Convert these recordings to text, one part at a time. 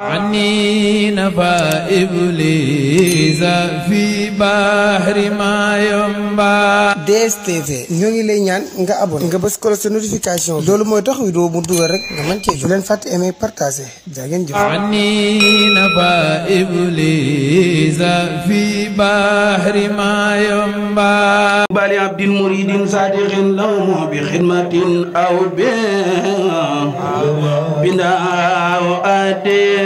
عني na إبليس في بحر ما ينبع DSTV ñoo ngi lay ñaan nga abonné nga bës ko sa notification loolu mooy tax vidéo mu dugal rek nga mën cee jox leen fàtte aimer partager jaa ngeen jëf عني نفى إبليس في بحر ما ينبع بالي عبد مريد صادق لهم بخدمة أو بنا أو أدين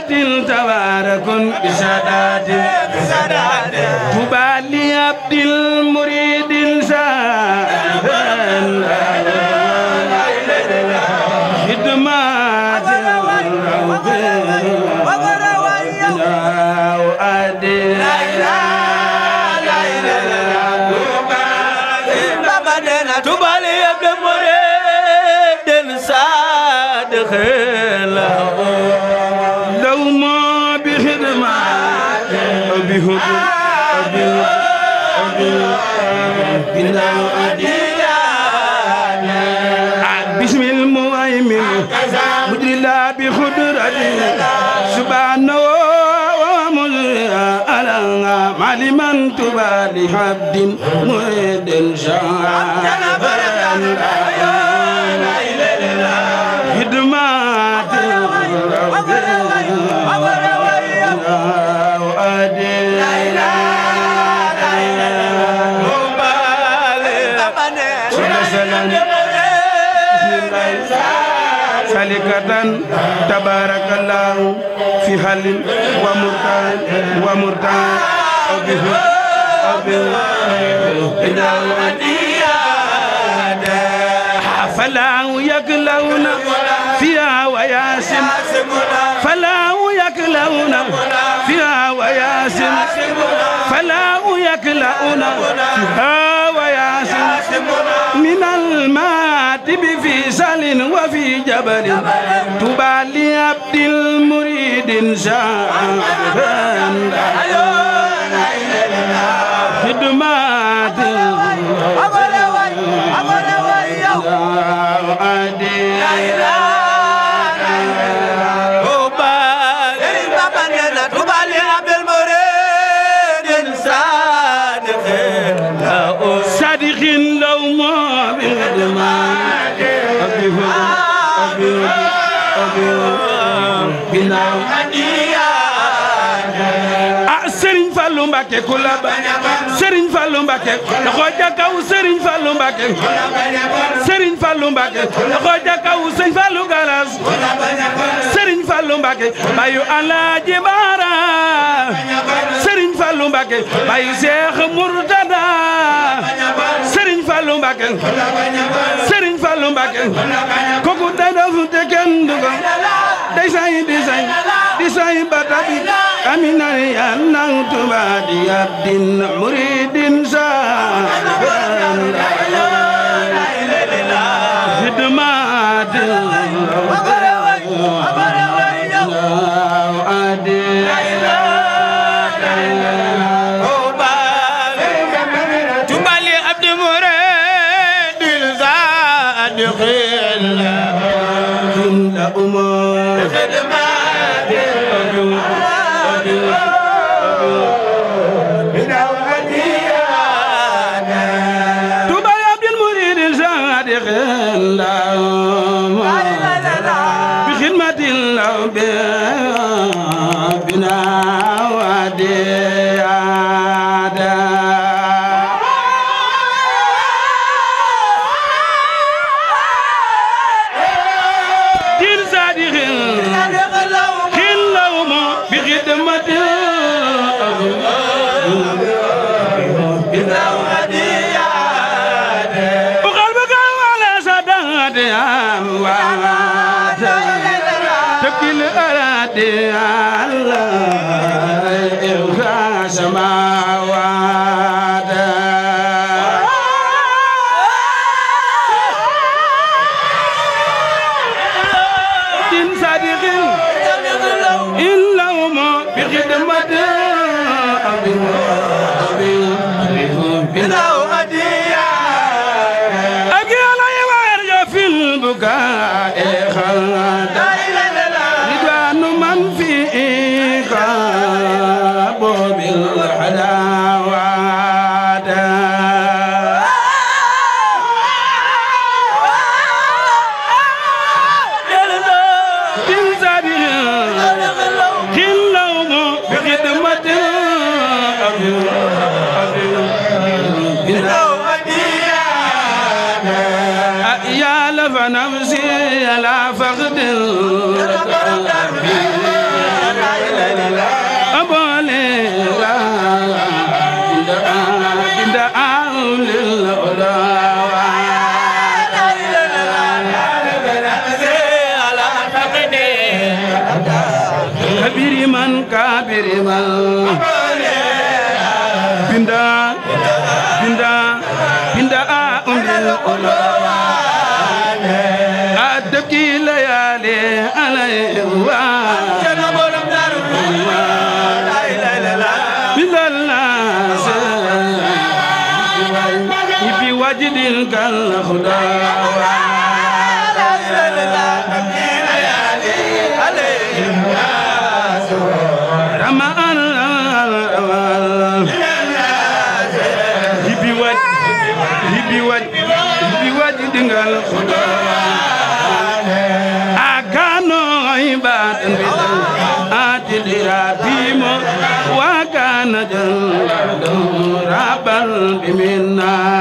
بسداد تبارك بسداد بسداد طوبى لعبد المريد تبى تبارك الله في حل ومرتان ومرتان فلا يقلون فيها وياسم فلا يقلون فيها وياسم فلا يقلون فيها وياسم من المادب في سل وفي جبل تبالي عبد المريد شاعر Serigne Fallou Mbacké loxo ja kaw Serigne Fallou Mbacké Serigne Fallou Mbacké loxo ja kaw Serigne Fallou Galaas Serigne Fallou Mbacké bayu Alaaji Baara Serigne Fallou Mbacké bayu Cheikh Murtada Serigne Fallou Mbacké Serigne Fallou Mbacké te kenn du ko day sañ amina yal nang Tuubaa di abdin muridin sa يا لف نفسي لا فقدر أبولي لا دعاء للأولاد كابرمان كابرمان بندا بندا بندا أم الأولى Ibi wajidil kan la xudaa القلب منا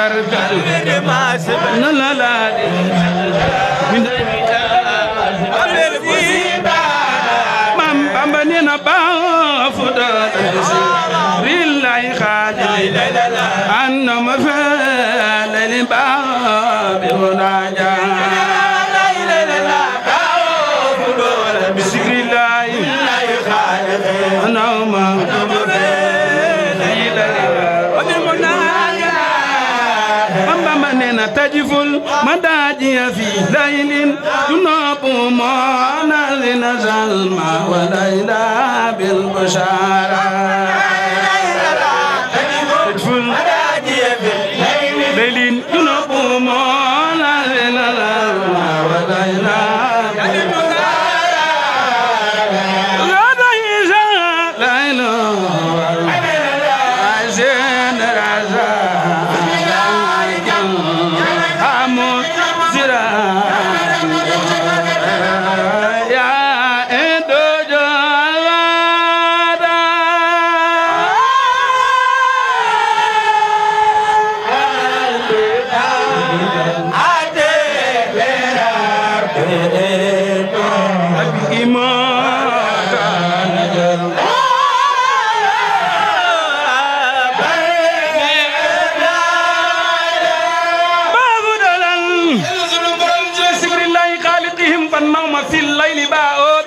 kar kar مداجي في ليل تناب منازل زلمى وليلى بالبشارة في الليل باء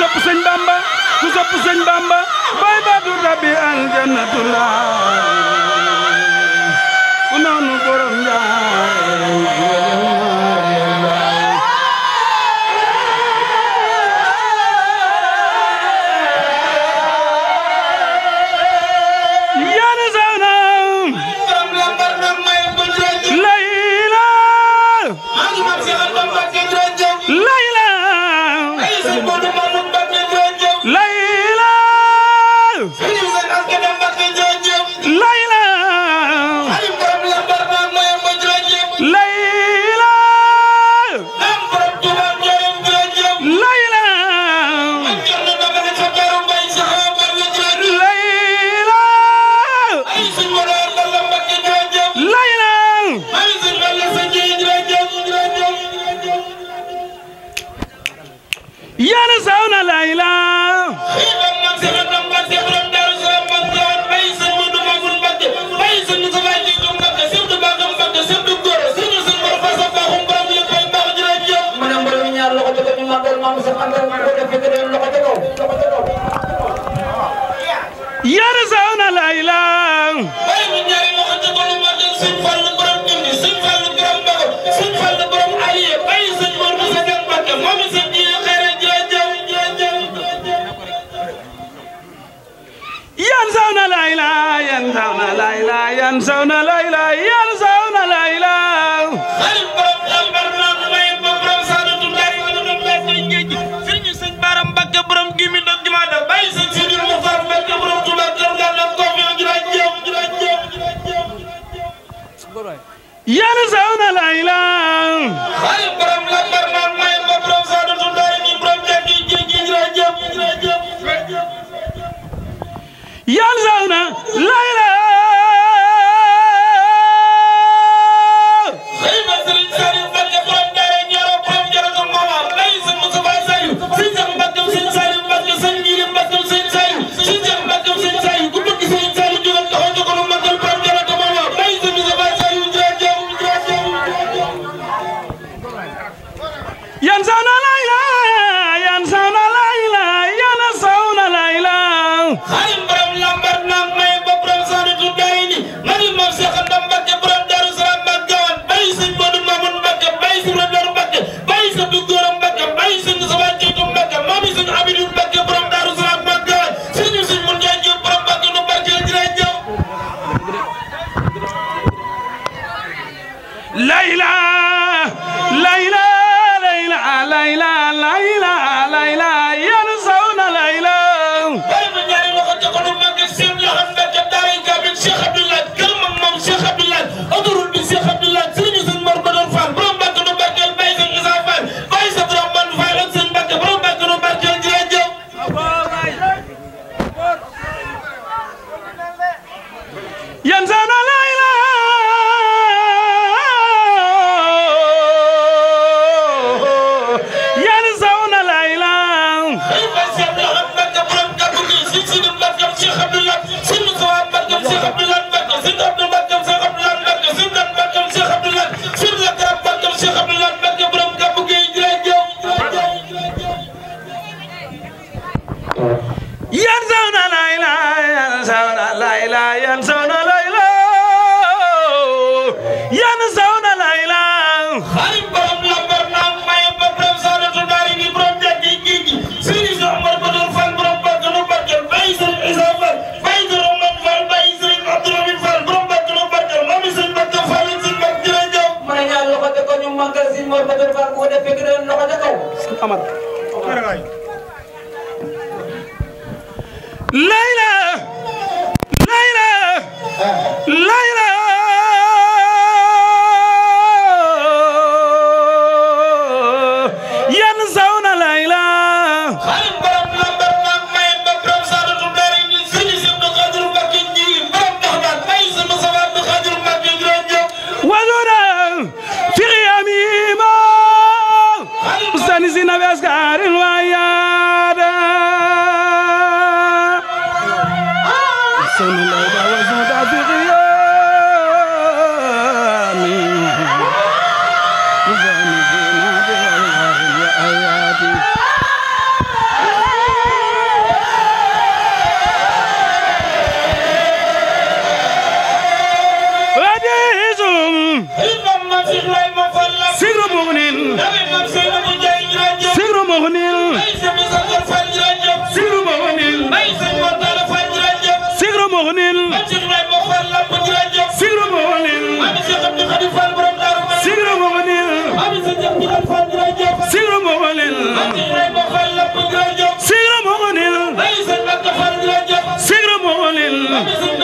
sopp sëñ bamba ku sopp sëñ bamba bay baatu rabbi aljannatula ku noonu borom njaay layla yansawna layla yansawna layla yàlla saw na la ilaah. xale borom la mbar maa may ma borom saa dootu ndaay mi borom jéggi jéggi jërëjëf jërëjëf. yàlla saw na la ilaah. gens rien Sigra Moulil Sigra Moulil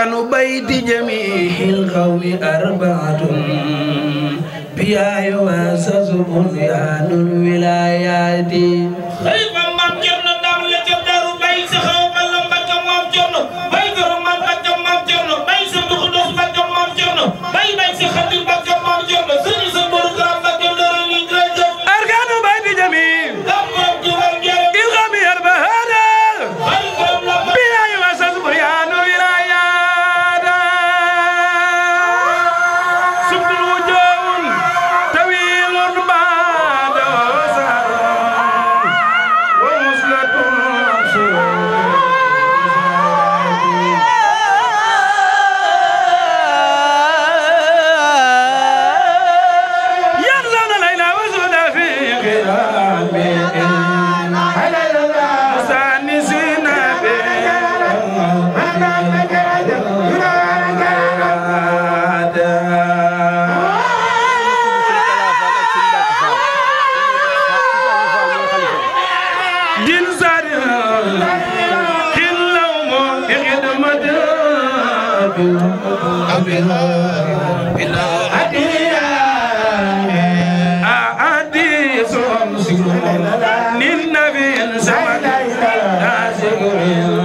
askanu bayti jamiil qawmi arbaatun biyaayo wa sasubun yaanul wilaayaati Sagarin.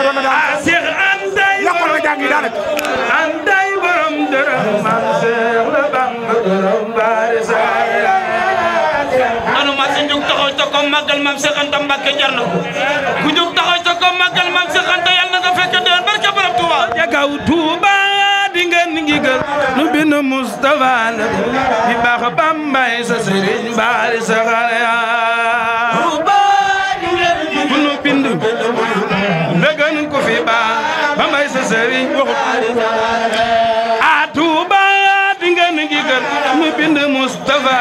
yoroon na daan ah, ko Cheikh Anday yokkoon nga jàng yi daanaka Anday borom dërëm man Cheikh la Bamba dërëm bari saa si jóg taxaw ca ko màggal maam Cheikh Anta Mbacke jar na ko ku jóg taxaw ca ko màggal maam Cheikh Anta yàlla na nga fekk déwén barke borom Touba jagaw Touba di ngeen ngi gël nu bind Moustapha la bi Bambay sa sëriñ baari sa xale sëriñ waxut a Tuuba di ngeen gi mu bind Mustafa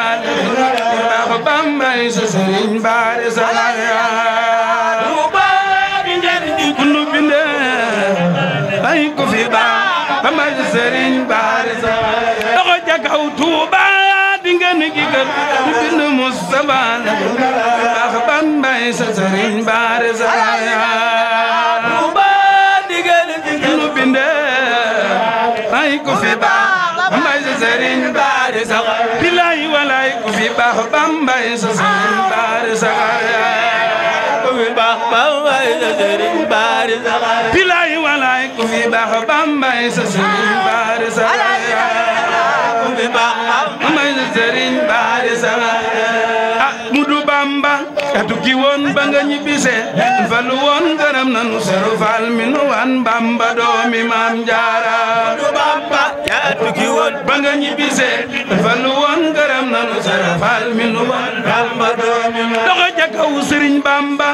baax bambay sa sëriñ baare salaaya Tuuba mu bind ay ko fi baax bambay sa sëriñ baare mu bind Mustafa baax bambay sa bambay sa sëriñ baari saxaaya ku fi baax bambay sa sëriñ baari saxaaya bilaay walaay ku fi baax bambay sa sëriñ baari saxaaya ku fi baax bambay sa sëriñ baari saxaaya ah mudu bamba ka tukki woon ba nga ñibbise falu woon gërëm nanu seru faal mi nu wan bamba doomi maam jaara yaa tukki woon ba nga ñibbisee dafa nu woon gërëm nanu sarafal mi nu woon bamba doomi ma doxa jakaw sëriñ bamba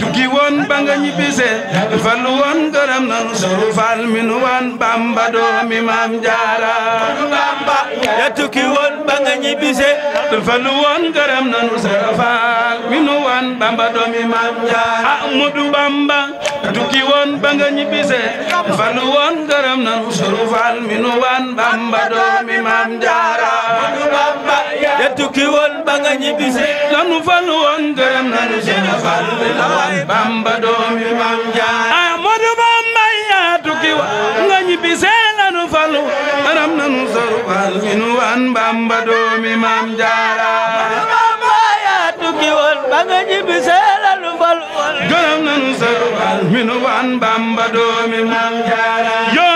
tukki woon ba nga ñibbisee dafa nu woon gërëm nanu sarafal mi nu woon bamba doomi maam jaara bamba yaa tukki woon ba nga ñibbisee dafa nu woon gërëm nanu sarafal mi nu woon bamba doomi maam jaara ahmadu bamba tukki woon ba nga ñibbisee dafa nu woon gërëm nanu sarafal mi nu woon bamba doomi maam jaara tukki woon ba nga ñibbisi lanu fal woon gërëm nanu seen fal fal gërëm nanu wan bamba doomi maam jaara ah,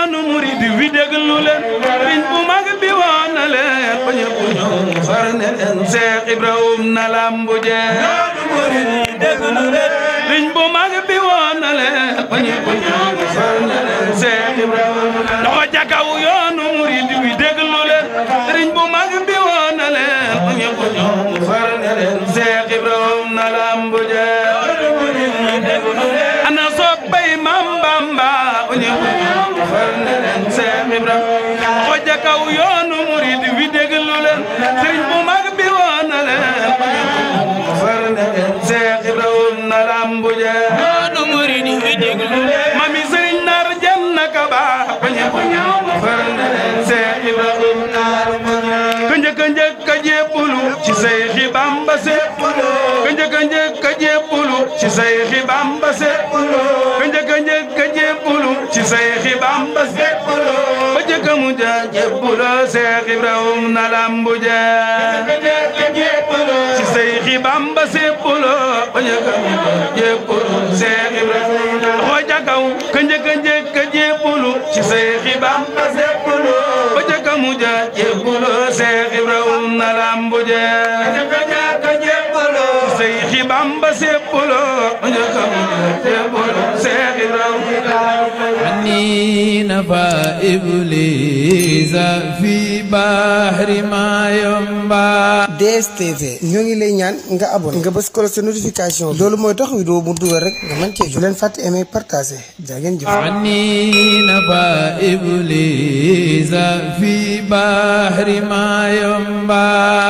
déglu leen biñ bu mag bi woon na leen ba ñëpp ñëw mu far ne leen Cheikh Ibrahim na lambu jeex déglu leen biñ bu mag bi woon na leen ba ñëpp ñëw mu far ne leen Cheikh Ibrahim na lambu jeex Cheikh Ibra xojja kaw yoonu murid wi déglu leen sëriñ bu mag bi woon na leen Cheikh Ibra woon na lambuje yoonu murid wi déglu leen mami sëriñ nar janna ka baax bañe ko ñaaw ba far na leen Cheikh Ibra woon na lambuje ka njëkk a njëkk a jébbulu ci Seexi Bamba séppulu ka njëkk a njëkk a jébbulu ci Seexi Bamba séppulu Seex Bamba séppaloo ba jëkk mu ja jébbuloo Seex Ibrahim na lambu ja ci Seex Bamba séppaloo ba jëkk mu ja jébbuloo Seex Ibrahim loxo ja kaw ka njëkk a njëkk a jébbulu ci Seex Bamba séppaloo ba jëkk mu ja حين فإبليس في بحر ما ينبع DSTV ñoo ngi lay ñaan nga abonné nga bës ko sa notification loolu mooy tax vidéo bu dugal rek nga mën cee jot leen fàtte aimer partager jaa ngeen jëf حين فإبليس في بحر ما ينبع